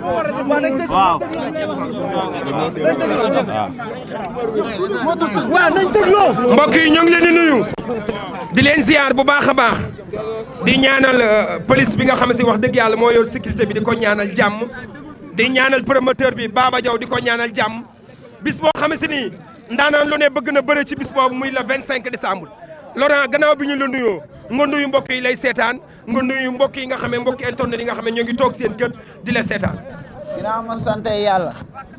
waaw. mbokk yi ñu ngi leen di nuyu. di leen ziar bu baax a baax. di ñaanal euh, police bi nga xam si wax dëgg yàlla moo yor sécurité bi di ko ñaanal jàmm. di ñaanal promoteur bi Baba jaw di ko ñaanal jàmm. bis boo xam ni ndaanaan lu ne bëgg na bëre ci bis boobu muy le 25 décembre. Laurent gannaaw bi ñu la nuyoo. nga nuyu mbokk yi lay seetaan nga nuyu mbokk yi nga xam ne mbokk internet yi nga xam ne ñoo ngi toog seen kër di la seetaan. ginnaaw ma sant yàlla.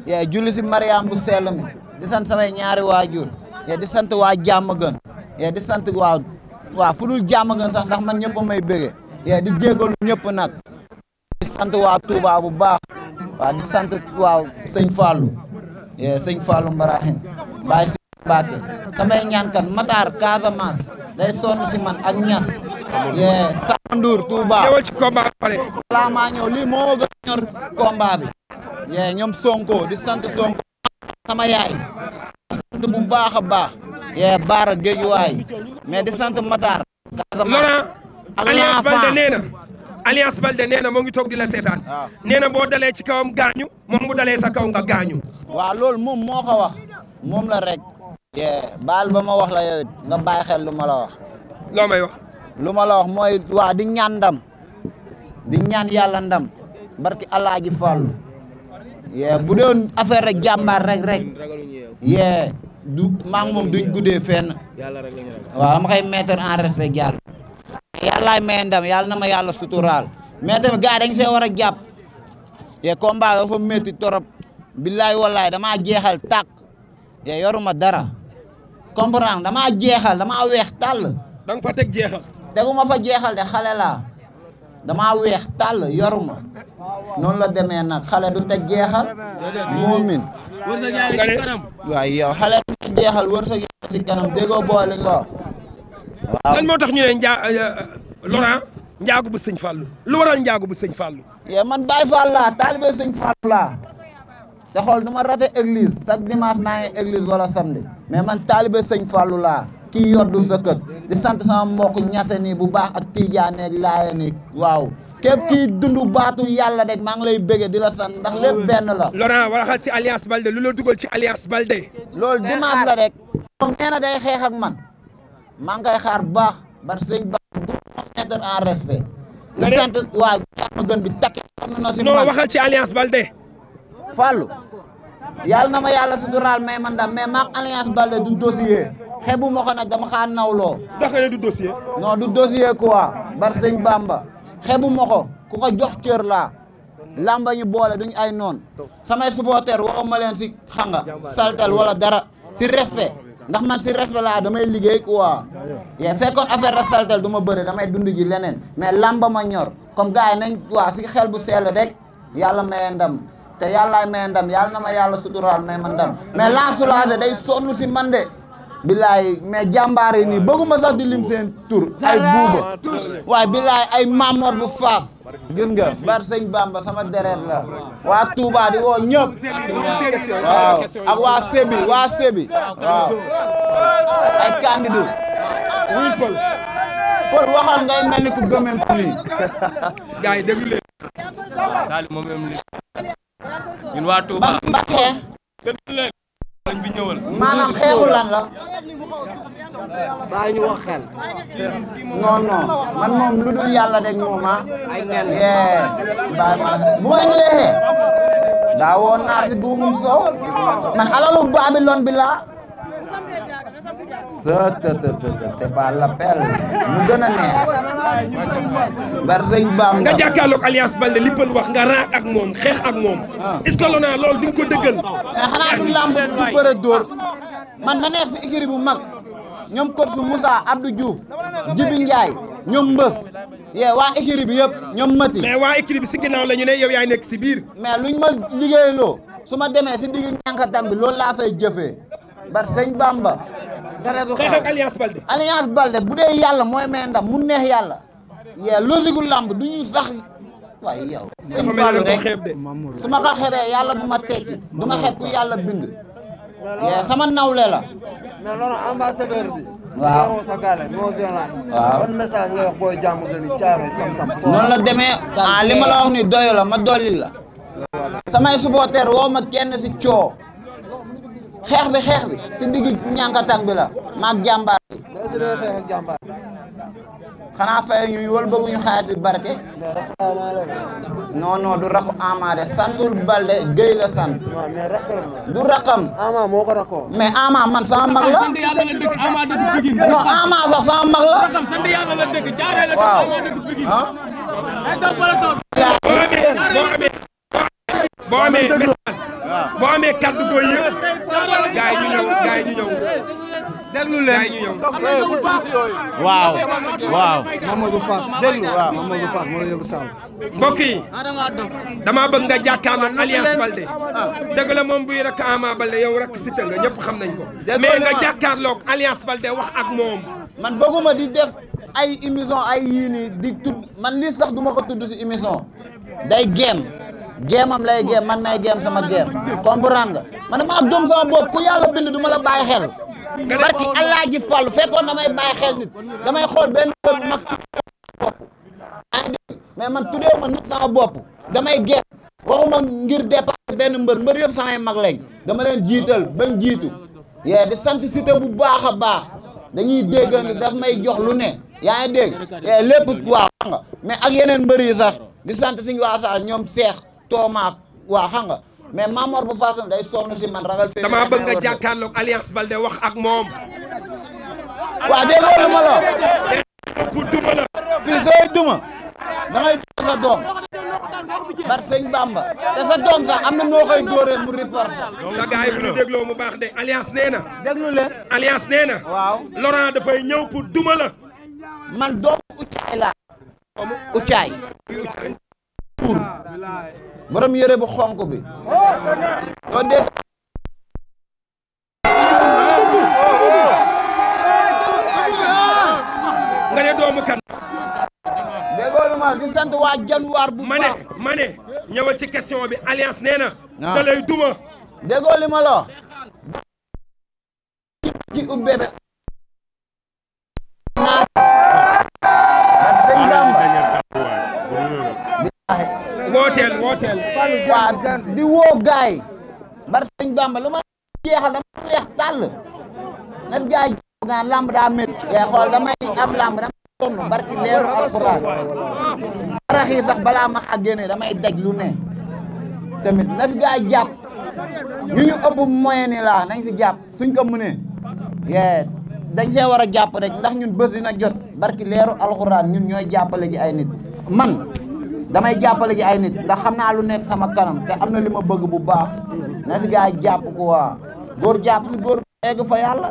yaay julli si Mariam bu sell mi di sant samay ñaari waajur ya di sant waa jàmm gën ya di sant waa waa fu dul jàmm gën sax ndax man ñëpp may bëggee ya di jégalu ñëpp nag. di sant waa Touba bu baax. waa di sant waa sëñ Fallou sëñ Fallou Mbaraxin Baye Sëñ Mbacke samay ñaan kan Matar Casamance. day sonn si man ak ñas yee sandour touba balaa maa ñëw lii moo gën ñor combat bi yee ñoom sonko di sant sonko sama yaay sant bu baax a baax yee baara waay mais di sant matar Casamance alliance balde nee na alliance balde nee na moo ngi toog di la seetaan ah. nee na boo dalee ci kawam gaañu moom bu dalee sa kaw nga gaañu waaw lool moom moo ko wax moom la rek baal ba ma wax la yow it nga bàyyi xel lu ma la wax. lu ma la wax mooy waa di ñaan ndam di ñaan yàlla ndam barki allah ji fàllu yee bu doon affaire rek jàmbaar rek rek yee du maa ngi moom duñ guddee fenn waaw dama koy mettre en respect yàlla yàllaay may ndam yàlla suturaal mais tamit gars yi see war a jàpp yee combat dafa métti torop billaay wallaay damaa jeexal tàkk yee yoruma dara comprendre damaa jeexal dama weex tàll. da nga fa teg jeexal. teguma fa jeexal de xale laa damaa weex tàll yoruma noonu la demee nag xale du teg jeexal. muumin wërsëg yaa xale du jeexal wërsëg yaa kanam déggoo boole nga. waaw moo tax ñu ne Nja euh, euh, njaagu bu sëñ Fallou lu waral njaagu bu sëñ Fallou. yow man Baye Fall laa taalibe sëñ Fallou laa. te xool du ma rate église chaque dimanche maa ngi église wala samedi mais man taalibe sëñ Fallou laa kii yoddu sa kët di sant sama mbokk ñase nii bu baax ak tiijaan ak laaye nii waaw képp kii dund baatu yàlla rek maa ngi lay bëggee di la sant ndax lépp benn la Laurent waxal si alliance Baldé lu la dugal ci alliance Baldé loolu dimanche la rek moom nee xeex ak man maa ngi koy xaar baax bar sëñ baax du ma mettre en respect di sant waaw gën bi takki xam na si man non waxal ci alliance Baldé Fallou yàlla na ma yàlla suturaal may man ndam mais maak alliance bale du dossier xebu ma ko na dama xaa nawloo. ndax nga ne du dossier. non du dossier quoi bar sëñ Bamba xebu ma ko ku ko jox cër laa lamba ñu boole duñ ay noon samay supporter woo ma leen si xanga saltal wala dara si respect ndax man si respect laa damay liggéey quoi yee fekkoon affaire la saltal du ma bëri damay dund ji leneen mais làmba ma ñor comme gars yi nañ waa si xel bu sell rek yàlla maye ndam. te yàllaay may ndam yàlla na ma yàlla suturaal may ma ndam mais day sonn si man de billaay mais jàmbaar yi nii bëgguma sax di seen tur ay buuba waaye billaay ay mamor bu faas gis nga bar sëñ Bamba sama deret la waa Touba woo ñëpp waaw ak waa Sébi waa Sébi waaw ay candidat wuy pël pël ngay mel ni ku gëmem nii ñun waa Touba Mbacké maanaam xeexu baa ñu wax xel non non man moom lu dul yàlla deg mooma ah. yee baa ma bu ma ñëwee daa woon naar si buuxum soow man alalu baabi loon c'est pas l'appel mu gën a neex. bar sëñ Bamba nga jàkkaarloog Alliance Baldé li pël wax nga raak ak moom xeex ak moom. Ah. est-ce que Lona loolu di ko dëggal. mais xanaa du lamb du bëre dóor man ma nekk si écurie bu mag ñoom coach su Moussa Abdou Diouf Djibi Ndiaye ñoom Mbës. yee waa écurie bi yëpp ñoom mati waa écurie bi si ginnaaw la ñu ne yow yaay nekk si biir. mais luñ ma liggéeyaloo su ma demee si digg ñànkatan bi loolu laa fay jëfee bar sëñ Bamba. dara du xew xeex ak alliance Balde. bu dee yàlla moo may ndam mu neex yàlla. yaa logique gu làmb du ñu sax waaye yow. su ma ko yàlla bu ma tekki du ma xeeb ku yàlla bind. sama nawle la. mais loolu ambassadeur bi. waaw non sagale non violence. a caaro sam la demee ah li ma la wax ni doyo la ma dolli la. samay supporter woo ma kenn si coo. xeex bi xeex bi si digg ñànkatang bi la maag jàmbaar bi xanaa faye ñuy wal bëgguñu xaalis bi barke non non du raku ama de santul balde géy la du rakam ama moo ko rakoo mais ama man sama mag la non ama sax sama mag la waaw boo amee gars yi ñu ñëw waaw bëgg nga jàkkaarloog Alliance Balde dëgg moom ñëpp xam nañ ko. mais nga jàkkaarloog Alliance Balde wax ak moom. man bëgguma di def ay émission ay yii di tudd man lii sax duma ko tudd si émission day géem. jéemam lay jéem man may jéem sama jéem comprendre nga man maa gëm sama bopp ku yàlla bind du ma la bàyyi xel barki allah ji fàllu fekkoon damay bàyyi xel nit damay xool benn bopp mag bopp mais man tuddee ma nit sama bopp damay géem waxuma ngir dépassé benn mbër mbër yëpp samay mag lañ dama leen jiital bañ jiitu yee di sant cité bu baax a baax dañuy déggante daf may jox lu ne yaa ngi dégg lépp waaw xam nga mais ak yeneen mbër yi sax di sant suñu waa sax ñoom seex toomaak waa xam nga mais bu façon day sonn si man ragal. fii dama bëgg nga jàkkaarloog Alliance Baldé wax ak moom. waa dégg nga lu ma la. pour duma la. fii sa doom. bar sëñ Bamba. te sa doom sax am na noo koy dóoree mu reforce. sa gars yi bu ñu dégloo mu baax de Alliance nee na. déglu leen. Alliance nee na. dafay ñëw pour duma la. man doomu Ucaay laa. Ucaay. Ucaay. borom yére bu xonk bi doo dee nga ne doomu kan déggoo ma di sant waa januwaar bu ma ne ma ci question bi alliance nee na ah. da duma déggoo li ma ci ubbee be naa bat sëñ Bamba wooteel wooteel waaw di woo gaay bar sëñ Bamba lu ma jeexal dama leex tàll nas gaay nga lamb daa métti yaa xool damay am lamb damay sonn barki leeru alxuraan sarax yi sax balaa ma àggee damay daj lu ne tamit nas gaay jàpp ñu ñu ëpp moyen ni laa nañ si jàpp suñ ko mënee yee dañ see war a jàpp rek ndax ñun bés dina jot barki leeru alxuraan ñun ñooy jàppale ji ay nit man damay jàppale ji ay nit ndax xam naa lu nekk sama kanam te am na li ma bëgg bu baax na si gars yi jàpp ko waa góor jàpp si góor egg fa yàlla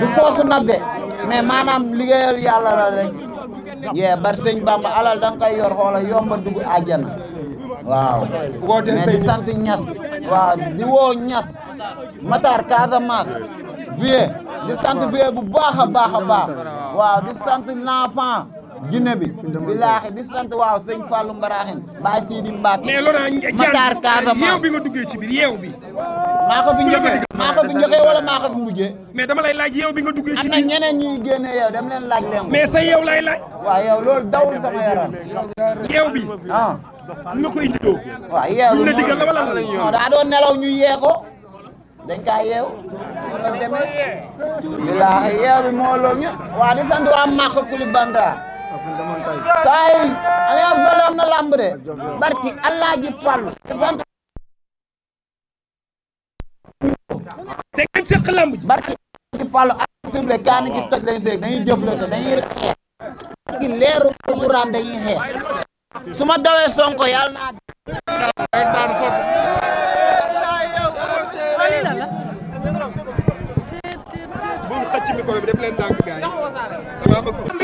du foosu nag de mais maanaam liggéeyal yàlla la rek yee bar sëñ Bamba alal da nga yor xoola yomba dugg àjjana waaw mais di sant ñas waaw di woo ñas Matar Casamance vie di sant vie bu baax a baax a baax waaw di sant l'enfant jinne bi bilaahi di sant waaw sëñ Fallou Mbaraaxin Baay Sidi Mbacke mais Laurent Matar Casamance yeew bi nga duggee ci biir yeew bi maa ko fi njëkkee maa ko fi njëkkee wala maa ko mais dama lay laaj yeew bi nga duggee ci biir am na ñeneen ñuy génne yeew dem leen laaj leen mais sa yeew lay laaj waaw yeew loolu dawul sama yaram yeew bi ah nu koy indiloo waaw yeew bi la digal la wala non daa doon nelaw ñu yee ko dañ kaa yeew la demee bilaahi yeew bi moo loolu ñu waaw di sant waa Maka Kulibantang saa yi alliance Baldé na lamb de barki allah ji fàllu barki ji fàllu ak sirle kaani ji toj lañ seeg dañuy jëflante dañuy dañuy xeex su ma dawee sonko yàlla naa